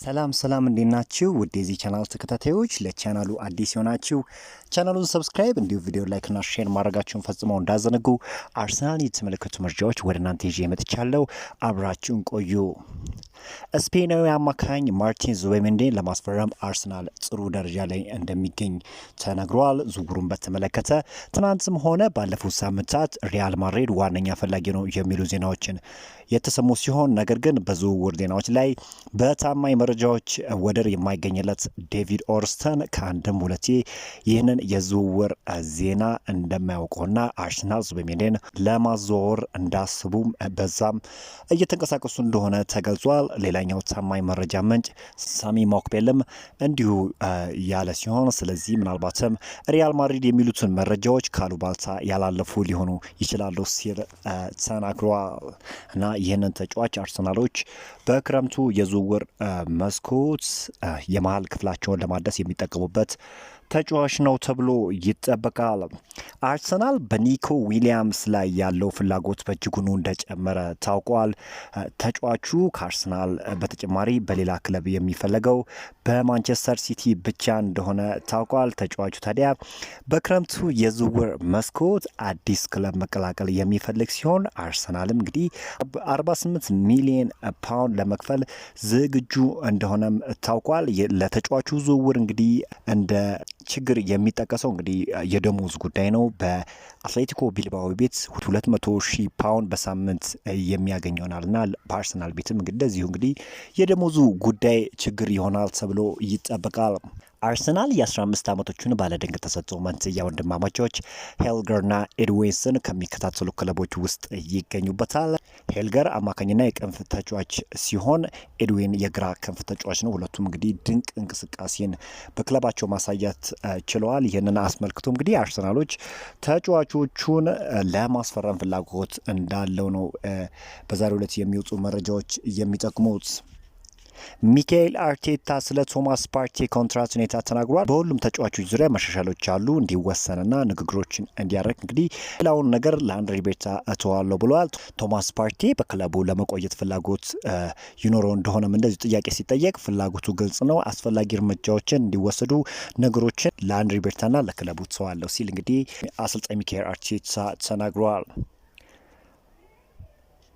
ሰላም ሰላም እንዴት ናችሁ? ውድ የዚህ ቻናል ተከታታዮች፣ ለቻናሉ አዲስ የሆናችሁ ቻናሉን ሰብስክራይብ እንዲሁም ቪዲዮ ላይክና ሼር ማድረጋችሁን ፈጽመው እንዳዘነጉ አርሰናል የተመለከቱ መረጃዎች ወደ እናንተ ይዤ መጥቻለሁ። አብራችሁን ቆዩ። ስፔናዊ አማካኝ ማርቲን ዙቤሜንዴን ለማስፈረም አርሰናል ጥሩ ደረጃ ላይ እንደሚገኝ ተነግሯል። ዝውውሩን በተመለከተ ትናንትም ሆነ ባለፉት ሳምንታት ሪያል ማድሪድ ዋነኛ ፈላጊ ነው የሚሉ ዜናዎችን የተሰሙ ሲሆን ነገር ግን በዝውውር ዜናዎች ላይ በታማኝ መረጃዎች ወደር የማይገኝለት ዴቪድ ኦርስተን ከአንድም ሁለቴ ይህንን የዝውውር ዜና እንደማያውቀውና አርሰናል ዙቤሜንዴን ለማዘዋወር እንዳስቡም በዛም እየተንቀሳቀሱ እንደሆነ ተገልጿል። ሌላኛው ታማኝ መረጃ ምንጭ ሳሚ ሞክቤልም እንዲሁ ያለ ሲሆን ስለዚህ ምናልባትም ሪያል ማድሪድ የሚሉትን መረጃዎች ካሉባልታ ያላለፉ ሊሆኑ ይችላሉ ሲል ተናግሯል። እና ይህንን ተጫዋች አርሰናሎች በክረምቱ የዝውውር መስኮት የመሀል ክፍላቸውን ለማደስ የሚጠቀሙበት ተጫዋች ነው ተብሎ ይጠበቃል። አርሰናል በኒኮ ዊሊያምስ ላይ ያለው ፍላጎት በእጅጉኑ እንደጨመረ ታውቋል። ተጫዋቹ ከአርሰናል በተጨማሪ በሌላ ክለብ የሚፈለገው በማንቸስተር ሲቲ ብቻ እንደሆነ ታውቋል። ተጫዋቹ ታዲያ በክረምቱ የዝውውር መስኮት አዲስ ክለብ መቀላቀል የሚፈልግ ሲሆን አርሰናልም እንግዲህ 48 ሚሊዮን ፓውንድ ለመክፈል ዝግጁ እንደሆነም ታውቋል። ለተጫዋቹ ዝውውር እንግዲህ እንደ ችግር የሚጠቀሰው እንግዲህ የደሞዝ ጉዳይ ነው። በአትሌቲኮ ቢልባዊ ቤት 200 ሺህ ፓውንድ በሳምንት የሚያገኝ ይሆናል እና በአርሰናል ቤትም እንደዚሁ እንግዲህ የደሞዙ ጉዳይ ችግር ይሆናል ተብሎ ይጠበቃል። አርሰናል የ15 ዓመቶቹን ባለድንቅ ተሰጥኦ መንትያ ወንድማማቾች ሄልገርና ኤድዌንስን ከሚከታተሉ ክለቦች ውስጥ ይገኙበታል። ሄልገር አማካኝና የቀኝ ተጫዋች ሲሆን ኤድዌን የግራ ክንፍ ተጫዋች ነው። ሁለቱም እንግዲህ ድንቅ እንቅስቃሴን በክለባቸው ማሳያት ችለዋል። ይህንን አስመልክቶ እንግዲህ አርሰናሎች ተጫዋቾቹን ለማስፈረም ፍላጎት እንዳለው ነው በዛሬው ዕለት የሚወጡ መረጃዎች የሚጠቅሙት። ሚካኤል አርቴታ ስለ ቶማስ ፓርቲ ኮንትራት ሁኔታ ተናግሯል። በሁሉም ተጫዋቾች ዙሪያ መሻሻሎች አሉ እንዲወሰንና ንግግሮችን እንዲያደርግ እንግዲህ ሌላውን ነገር ለአንድ ቤርታ እተዋለሁ ብለዋል። ቶማስ ፓርቲ በክለቡ ለመቆየት ፍላጎት ይኖረው እንደሆነም እንደዚሁ ጥያቄ ሲጠየቅ ፍላጎቱ ግልጽ ነው፣ አስፈላጊ እርምጃዎችን እንዲወሰዱ ነገሮችን ለአንድሬ ቤርታና ለክለቡ እተዋለሁ ሲል እንግዲህ አሰልጣኝ ሚካኤል አርቴታ ተናግሯል።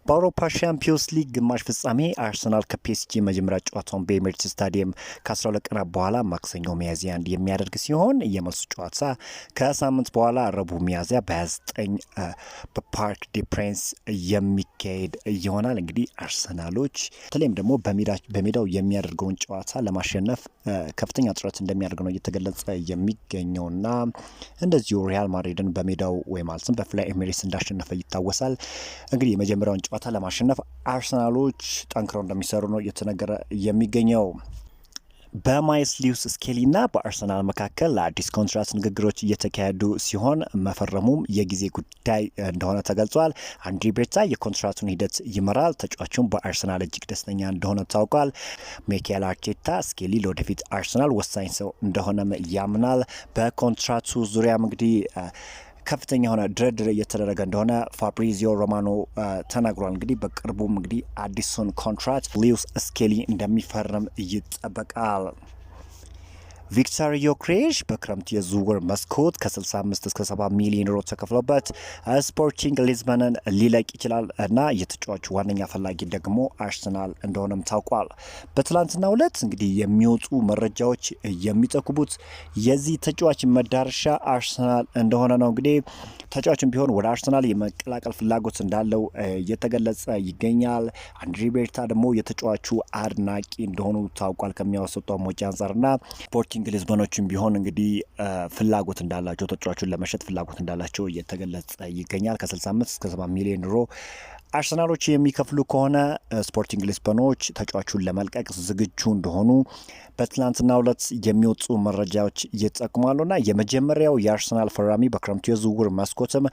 በአውሮፓ ሻምፒዮንስ ሊግ ግማሽ ፍጻሜ አርሰናል ከፒኤስጂ መጀመሪያ ጨዋታውን በኤሜሬትስ ስታዲየም ከ12 ቀናት በኋላ ማክሰኞ ሚያዝያ አንድ የሚያደርግ ሲሆን የመልሱ ጨዋታ ከሳምንት በኋላ ረቡዕ ሚያዝያ በ29 በፓርክ ዲ ፕሬንስ የሚካሄድ ይሆናል። እንግዲህ አርሰናሎች በተለይም ደግሞ በሜዳው የሚያደርገውን ጨዋታ ለማሸነፍ ከፍተኛ ጥረት እንደሚያደርግ ነው እየተገለጸ የሚገኘው የሚገኘውና እንደዚሁ ሪያል ማድሪድን በሜዳው ወይም ማለትም በፍላይ ኤሜሬትስ እንዳሸነፈ ይታወሳል። እንግዲህ የመጀመሪያውን ጨዋታ ለማሸነፍ አርሰናሎች ጠንክረው እንደሚሰሩ ነው እየተነገረ የሚገኘው። በማይልስ ሊውስ ስኬሊ እና በአርሰናል መካከል ለአዲስ ኮንትራት ንግግሮች እየተካሄዱ ሲሆን መፈረሙም የጊዜ ጉዳይ እንደሆነ ተገልጿል። አንድሪ ቤርታ የኮንትራቱን ሂደት ይመራል። ተጫዋቹም በአርሰናል እጅግ ደስተኛ እንደሆነ ታውቋል። ሚኬል አርቴታ ስኬሊ ለወደፊት አርሰናል ወሳኝ ሰው እንደሆነም ያምናል። በኮንትራቱ ዙሪያም እንግዲህ ከፍተኛ የሆነ ድርድር እየተደረገ እንደሆነ ፋብሪዚዮ ሮማኖ ተናግሯል። እንግዲህ በቅርቡም እንግዲህ አዲሱን ኮንትራት ሊዩስ ስኬሊ እንደሚፈርም ይጠበቃል። ቪክተር ዮክሬሽ በክረምት የዝውውር መስኮት ከ65 እስከ 70 ሚሊዮን ዩሮ ተከፍሎበት ስፖርቲንግ ሊዝበንን ሊለቅ ይችላል እና የተጫዋቹ ዋነኛ ፈላጊ ደግሞ አርሰናል እንደሆነም ታውቋል። በትላንትና ዕለት እንግዲህ የሚወጡ መረጃዎች የሚጠቁሙት የዚህ ተጫዋች መዳረሻ አርሰናል እንደሆነ ነው። እንግዲህ ተጫዋቹም ቢሆን ወደ አርሰናል የመቀላቀል ፍላጎት እንዳለው እየተገለጸ ይገኛል። አንድሪ ቤርታ ደግሞ የተጫዋቹ አድናቂ እንደሆኑ ታውቋል። ከሚያወሰጠው ሞጃ አንጻርና ስፖርቲ የኪንግስ ልዝበኖችም ቢሆን እንግዲህ ፍላጎት እንዳላቸው ተጫዋቹን ለመሸጥ ፍላጎት እንዳላቸው እየተገለጸ ይገኛል። ከ65 እስከ 70 ሚሊዮን ዩሮ አርሰናሎች የሚከፍሉ ከሆነ ስፖርቲንግ ሊስበኖች ተጫዋቹን ለመልቀቅ ዝግጁ እንደሆኑ በትላንትና ሁለት የሚወጡ መረጃዎች ና የመጀመሪያው የአርሰናል ፈራሚ በክረምቱ የዝውውር መስኮትም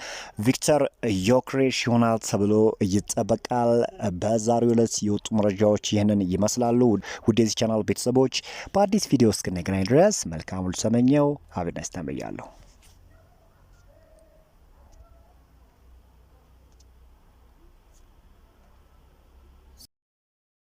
ቪክተር ዮክሬሽ ይሆናል ተብሎ ይጠበቃል። በዛሬው ዕለት የወጡ መረጃዎች ይህንን ይመስላሉ። ውዴዚህ ቻናል ቤተሰቦች በአዲስ ቪዲዮ እስክንገናኝ ድረስ መልካሙን ተመኘው አብናስተምያለሁ።